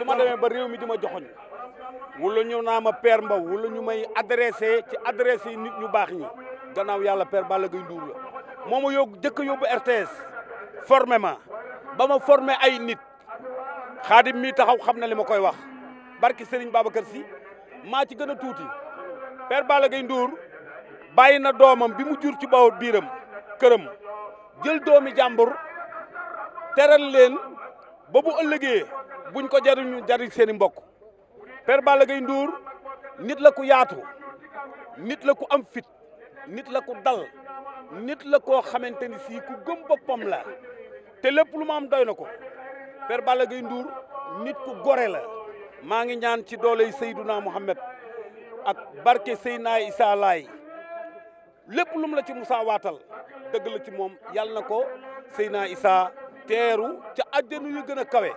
su ma demee ba mi di ma joxoñ wala ñu naa ma père Mbow wala ñu may adressé ci adresse nit ñu baax ñi gannaaw yàlla père Balla Gaye Ndour la moo ma yóbbu jëkk yóbbu RTS formé ma ba ma formé ay nit xaadim mi taxaw xam na li ma koy wax barki Serigne Babacar Sy maa ci gën a tuuti père Balla Gaye Ndour bàyyi na doomam bi mu jur ci baw biiram këram jël doomi jàmbur teral leen ba bu ëllëgee buñ ko jariñu jariñ seeni i mbokk Père Balla Gaye nit la ku yaatu nit la ku am fit nit la ku dal nit la koo xamante ni sii ku gëm boppam la te lépp lu ma am doy na ko Père Balla Gaye Ndour nit ku gore la maa ngi ñaan ci dooley Seydouna Mouhamed ak barke Seyna Issa Laay lépp lum la ci musa waatal dëgg la ci moom yàlla na ko Seyna Issa teeru ca àjjana yu gën a kawe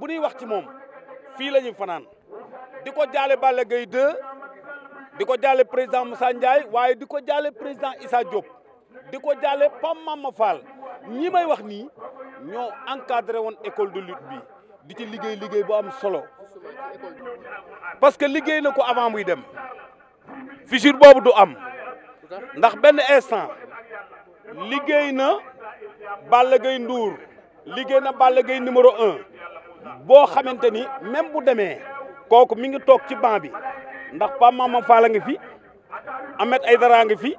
bu ñuy wax ci moom fii la ñuy fanaan di ko jaale Balla gay 2 di ko jaale président saa Ndiaye waaye di ko jaale président Issa Diop di ko jaale Pam Mama Fall ñi may wax nii ñoo encadré woon école de lutte bi di ci liggéey liggéey bu am solo parce que liggéey na ko avant muy dem fissure boobu du am ndax benn instant liggéey na Balla gay nduur liggéey na Balla Gaye numéro un boo xamante ni même bu demee kooku mi ngi toog ci banc bi ndax Pape Mamadou Fall a ngi fi Ahmed Aïdara a ngi fi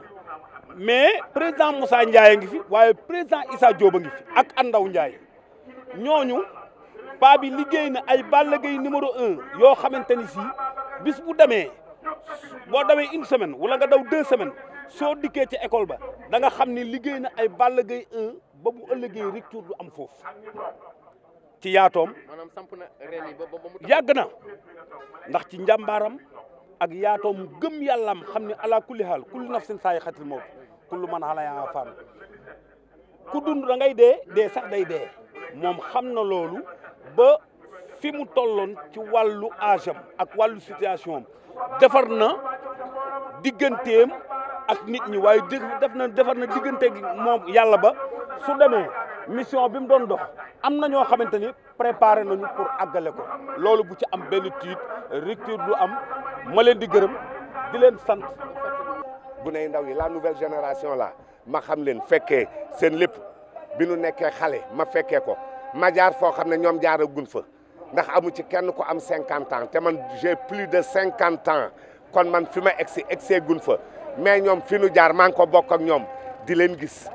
mais président Moussa Ndiaye a ngi fi waaye président Issa Diop a ngi fi ak Andaw Ndiaye ñooñu paa bi liggéey na ay Balla Gaye numéro un yoo xamante ni si bis bu demee boo demee une semaine wala nga daw deux semaines soo dikkee ci école ba danga xam ni liggéey na ay Balla Gaye un ba bu ëllëgee du am foofu ci yaatoom yàgg na ndax ci njàmbaaram ak yaatoom gëm yàllaam xam ne ala kulli haal kullu nafsin saa yi xatil mawt kullu man alayha fan ku dund da ngay dee dee sax day dee moom xam na loolu ba fi mu tolloon ci wàllu agem ak wàllu situation am defar na digganteem ak nit ñi waaye def na defar na diggante moom yàlla ba su demee mission bi mu doon dox am na ñoo xamante ni préparé nañu pour àggale ko loolu bu ci am benn tiit rupture du am ma leen di gërëm di leen sant. guney ndaw yi la nouvelle génération la ma xam leen fekkee seen lépp bi nu nekkee xale ma fekkee ko ma jaar foo xam ne ñoom jaara gun fa ndax amu ci kenn ku am cinquante ans te man j'ai plus de cinquante ans kon man fi ma egsi egsee gun fa mais ñoom fi nu jaar maa ngi ko bokk ak ñoom di leen gis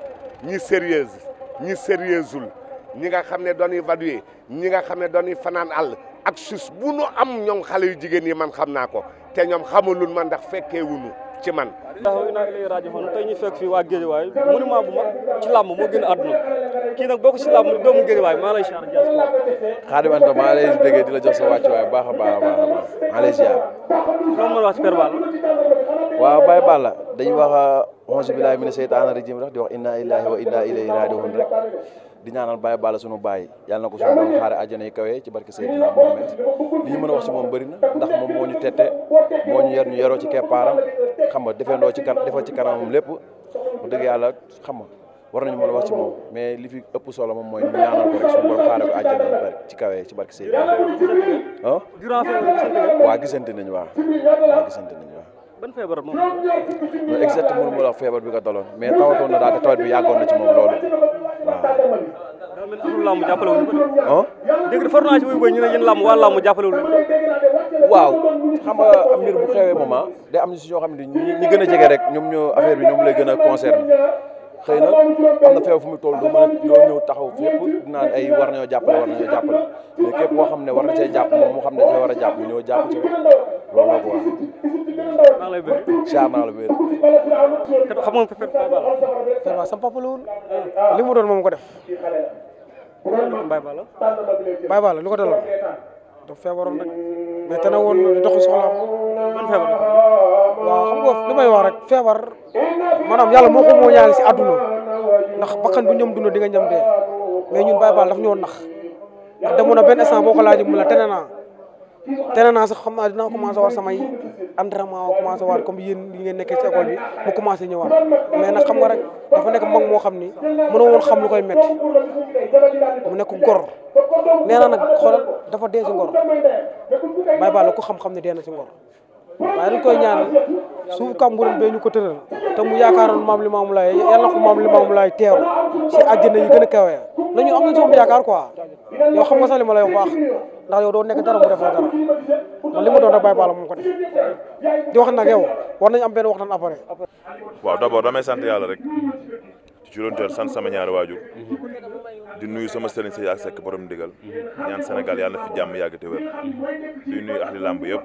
ñi sérieuse ñi sérieusul ñi nga xam ne doon évaluer ñi nga xam ne doon fanaan àll ak sus bu nu am ñoom xale yu jigéen yi man xam naa ko te ñoom xamulun man ndax fekkee wunu ci man waaw naa lay rajo xoon tey ñu fekk fii waa Géejawaay monument bu mag ci làmb moo gën a àdduna kii nag boo ko si làmb doomu Géejawaay maa lay siyaar Dias Xaadim Anta maa lay déggee di la baax a baax a baax a baax maa lay siyaar loo mën a wax ci Père Balla waaw Baye Balla dañuy wax onze billahi mina seytaana rajim rek di wax inna lillahi wa inna ilayhi rajiun rek di ñaanal Baye Balla sunu baay yàlla na ko sunu borom xaare ci barke mën a wax si moom bëri ndax moom moo ñu tette moo ñu yar ñu yaroo ci keppaaram xam nga defee ci kan ci kanamam lépp mu dëgg yàlla xam nga war nañu mën a wax ci moom mais li fi ëpp solo moom mooy ñaanal ko rek suñu borom ci kawee ci barke Seydou ah waaw gisante nañu waaw waaw gisante nañu waaw ban feebar moom non exact mënu feebar bi ko daloon mais tawatoon na tawat bi yàggoon na ci moom loolu waaw daa mel ni amul làmb jàppale wu ñu ko de. dégg nga ñu ne yéen làmb waa làmb jàppale wu ñu ko. waaw xam nga mbir bu xewee moment day am si ñoo xam ne ñi gën a jege rek ñoom ñoo affaire bi ñoom la gën a concerné xëy na am na feew fu mu toll ma mën taxaw fépp naan ay war nañoo jàppale war nañoo jàppale mais képp xam ne war na jàpp moom moo xam ne dafa war a jàpp ñu ñëw jàpp ci loolu la ko wax. la bëri. xam nga Pépé Baye Balla. vraiment sama papa la woon li mu doon moom ko def. Baye lu ko daloon. dafa mais te ne woon na doxu soxlaam. feebar la xam nga li may wax rek feebar maanaam yàlla moo ko moo ñaanal si àdduna ndax bakkan bu ñoom dund di nga ñam dee mais ñun Baye Fall daf ñoo ndax ndax demoon na benn instant boo ko laajee mu la tene naa tene naa sax xam naa dinaa commencé war samay entraînement a commencé waat comme yéen yi ngeen nekkee ci école bi mu commencé ñëwaat mais nag xam nga rek dafa nekk mag moo xam ni mënoo woon xam lu koy métti mu nekk gor nee na nag xoolal dafa dee si ngor bay ba la ko xam-xam ne dee na si ngor waaye dañ koy ñaan suuf kàmburam bee ñu ko tëral te mu yaakaaroon maam Limaamu Laay yàlla ko maam Limaamu Laay teeru si àjjana yi gën a kawe nañu am nañ si moom yaakaar quoi yow xam nga sax li lay wax ndax yow doo nekk dara mu defoo li ma doon rek bàyyi baala moom ko def di wax nag yow war nañu am waxtaan après. waaw d'abord damay sant yàlla rek ci juróom-teer sant sama ñaari waajur di nuyu sama sëriñ si ak sekk borom ndigal ñaan Sénégal yàlla na fi jàmm yàgg te wér di ahli lamb yëpp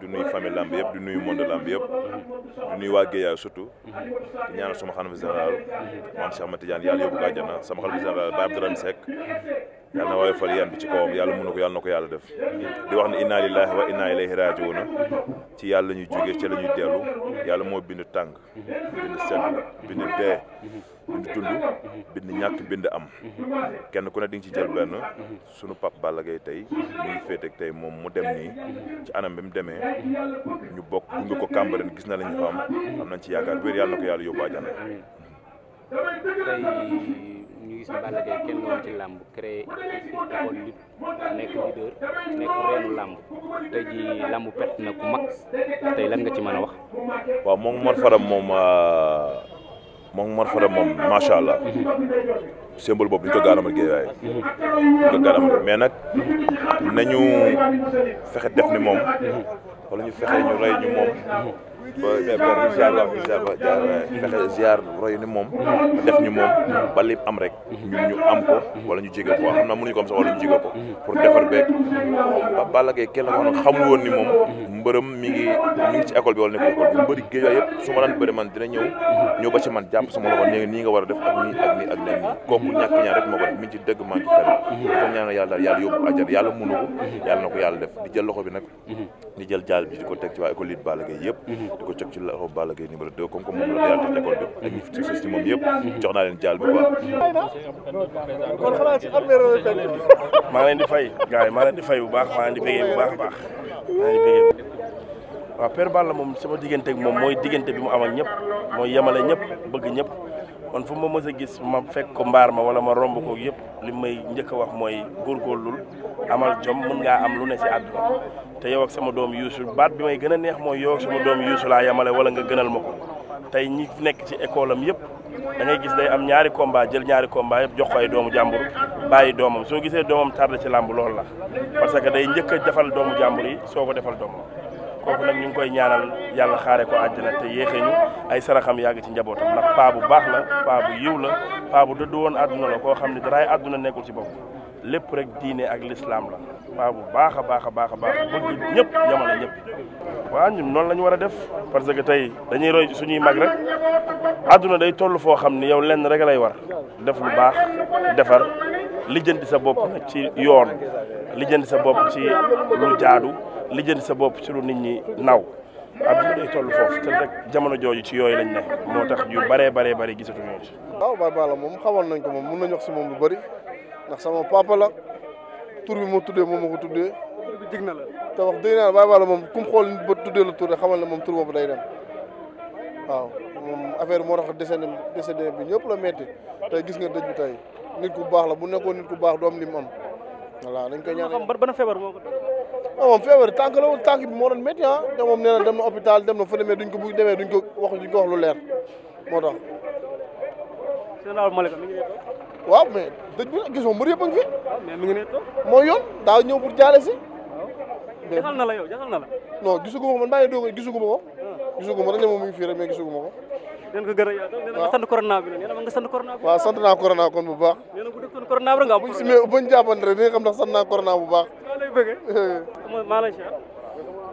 di nuy famille lamb yëpp di nuyu monde lamb yëpp di nuyu waa Géeyaay surtout di sama xalifa général maam Cheikh Mati Diagne yàlla yóbbu ko àjjana sama xalifa général Baye Abdourahmane Seck yàlla na waaye fal yan bi ci kawam yàlla mën na ko yàlla ko yàlla def di wax ne inna lillahi wa inna ilayhi rajiuna ci yàlla ñuy jógee ci la ñuy dellu yàlla moo bind tàng bind sedd bind dee bind dund bind ñàkk bind am kenn ku ne di nga ci jël benn sunu pap Balla Gaye tey mu ngi tey moom mu dem nii ci anam bi mu demee ñu bokk gunge ko kàmbareen gis na la ñu am am nañ ci yaakaar wér yàlla na ko yàlla yóbbu àjjana gis ne Balla Gaye kenn woon ci làmb créé kon nit nekk leader nekk reenu làmb tey ji làmb perte na ku mag tey lan nga ci mën a wax waaw moom Mor Fadam moom euh, moom Mor Fadam moom macha allah symbole boobu duñ ko gaaramal géewaay mhm. duñ ko gaaramal mais nag nañu fexe def ni moom mhm. wala ñu fexe ñu rey ñu moom mhm. ba pare ziar la ziar ba jaar fexe ziar roy ni moom def ñu moom ba lépp am rek ñun ñu am ko wala ñu jege ko xam naa mënuñu ko am sax wala pour defar beeg ba Balla Gaye kenn la ko xamul ni moom mbërëm mi ngi mi ngi bi wala nekk école mbëri géej yëpp su ma daan dina ñëw ñëw ba ci man jàpp sama loxo ne nii nga war a def ak nii ak nii ak leen nii kooku ñàkk ñaar a moo ko def mi ngi ci dëgg maa ngi ci fer ko ñaanal yàlla daal yàlla yóbbu ajar yàlla mënu ko yàlla na ko yàlla def di jël loxo bi nag di jël jaal bi di teg ci waa école Balla yëpp di ko ci la Balla Gaye numéro 2 comme que moom la yàlla école bi ak ñi ci sës moom yëpp jox naa leen jaal bi quoi kon xanaa ci armero fekk maa ngi leen di fay gars yi maa leen di fay bu baax maa leen di bégee bu baax a baax maa leen di bégee waaw Père Balla moom sama diggante moom mooy diggante bi mu am ak ñëpp mooy yemale ñëpp bëgg ñëpp kon fu ma mës gis ma fekk ko mbaar ma wala ma romb ko yëpp li may njëkk wax mooy góorgóorlul amal jom mën ngaa am lu ne si àdduna te yow sama doom yuusu baat bi may gën a neex mooy yow ak sama doom yuusu laa yemale wala nga gënal ma ko tey ñi nekk ci école am yëpp da ngay gis day am ñaari kombaa jël ñaari kombaa yëpp jox ko ay doomu jàmbur bàyyi doomam soo gisee doomam tardé ci làmb lool la parce que day njëkk a defal doomu jàmbur yi soo ko defal doomam kooku nag ñu ngi koy ñaanal yàlla xaare ko àjjana te yéexee ñu ay saraxam yàgg ci njabootam ndax paa bu baax la paa bu yiw la paa bu dëddu woon àdduna la koo xam ne daraay àdduna nekkul ci bopp lépp rek diine ak lislaam la paa bu baax a baax a baax a baax bëgg ñëpp yamale ñëpp waa ñun noonu la war a def parce que tey dañuy roy suñuy mag rek àdduna day toll foo xam ne yow lenn rek lay war def lu baax defar lijjanti sa bopp ci yoon lijjanti sa bopp ci lu lijjanti sa bopp ci lu nit ñi naw àdduna day toll foofu te rek jamono jooju ci yooyu lañ ne moo tax yu bëree bëree bëri gisatuñu ci. waaw Baye Balla moom xamoon nañ ko moom mun nañ wax si moom lu bëri sama papa la tur bi ma tuddee moom ma ko tuddee. tur na la. te wax dëgg naa moom ku xool ba tuddee la tur rek xamal ne moom tur boobu day dem waaw moom affaire moo tax décédé décédé bi ñëpp la metti te gis nga dëj bi tey nit ku baax la bu nekkoon nit ku baax doom am li mu am. voilà dañ koy ñaanal xam ban feebar moo ko ah la woon tànk bi moo doon métti ah te moom nee na dem na hôpital dem na fa demee duñ ko bu demee duñ ko wax duñ ko wax lu leer moo tax. waaw mais dëj bi gis yëpp a ah, mais mi ngi ne toog. mooy yoon daa ñëw pour jaale si. waaw jaxal na la yow jaxal na la. non gisagu ma ko man maa ngi doog a gisagu ma ko. Ah. gisagu ma rek ne moom mi ngi fii rek mais gisagu ma ko. ngeen ko gën a yaatal nee na nga sant naa corona kon bu baax nee na bu dëkkoon corona rek nga buñ si buñ jàppante rek dinga bu baax maa lay bëgg maa lay siyaar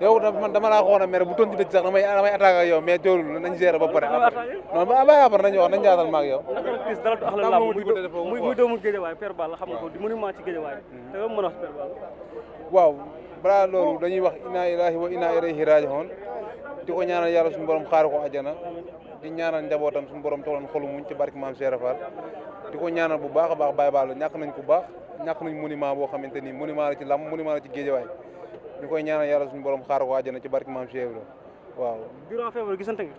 yow man dama laa xoon a mere bu tontu dëj sax damay damay attaque ak yow mais ba pare non ba ba après nañu wax nañ jaatal maag yow nakis dara du ax la muy muy doomu Géejawaay Père Balla xam nga ko di monument ci Géejawaay mm-hmm. te mën a wax Père Balla waaw balaa loolu dañuy wax inna ilaahi wa inna ilayhi raaji'uun di ko ñaanal yàlla suñu borom xaar ko àjjana di ñaanal njabootam suñu borom tolloon xolu muñ ci barke maam Cheikh Rafal di ko ñaanal bu baax a baax Baye Balla ñàkk nañ ku baax ñàkk nañ monument boo xamante ni monument la ci lamb monument la ci géejawaay ñu koy ñaanal yàlla suñu borom xaar ko àjjana ci barke maam Cheikh Ibra waaw. durant feebar gisante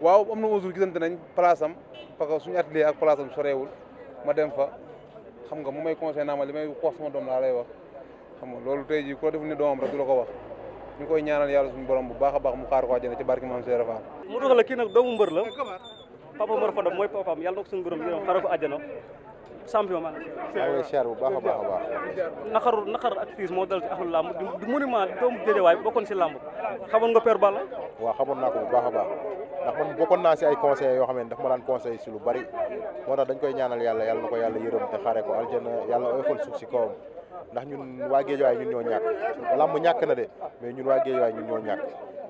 waaw am na un jour gisante nañ place am parce que suñu atelier ak place am soreewul ma dem fa xam nga mu may conseil naa ma li may wax ma doom laa lay wax xam nga loolu tey jii ku la ni doomam rek du la ko wax ñu koy ñaanal yàlla suñu borom bu baax a baax mu xaar ko àjjana ci barke maam Cheikh Fall mu dox la kii nag doomu mbër la papa Mor Fadam mooy papaam yàlla na ko suñu borom yërëm xaare ko àjjana champion man waaw cher bu baax a baax a baax naqaru naqar ak tiis moo dal ci làmb di monument doomu si làmb xamoon nga père Balla waa xamoon naa ko bu baax a baax ndax man bokkoon naa si ay conseil yoo xam ne daf ma daan conseil si lu bari moo tax dañ koy ñaanal yàlla yàlla na ko yàlla yërëm te xaare ko aljana yàlla oyofal suuf si kawam ndax ñun waa Géejawaay ñun ñoo ñàkk làmb ñàkk na de mais ñun waa Géejawaay ñun ñoo ñàkk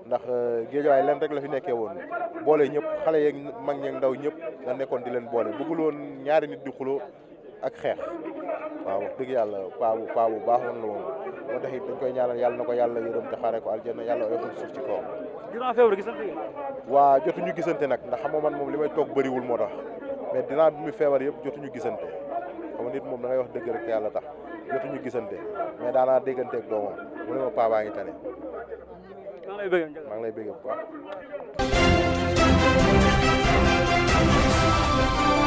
ndax euh, Géejawaay leen rek la fi nekkee woon boole ñëpp xale yeeg mag ñeeg ndaw ñëpp la nekkoon di leen boole bëggul woon ñaari nit di xuloo ak xeex waaw wax dëgg yàlla paa bu paa bu baaxoon la woon moo tax it dañ koy ñaanal yàlla na ko yàlla yërëm te xaare ko aljanna yàlla oyofal suuf ci kawam. dinaa waa jotuñu gisante nag ndax xam nga man moom li may toog bëriwul moo tax mais dinaa bi muy feebar yëpp jotuñu gisante xam nga nit moom da wax dëgg rek yàlla tax jotuñu gisante mais daanaa dégganteeg doomam mu ne ma paa ngi tane. maa ngi lay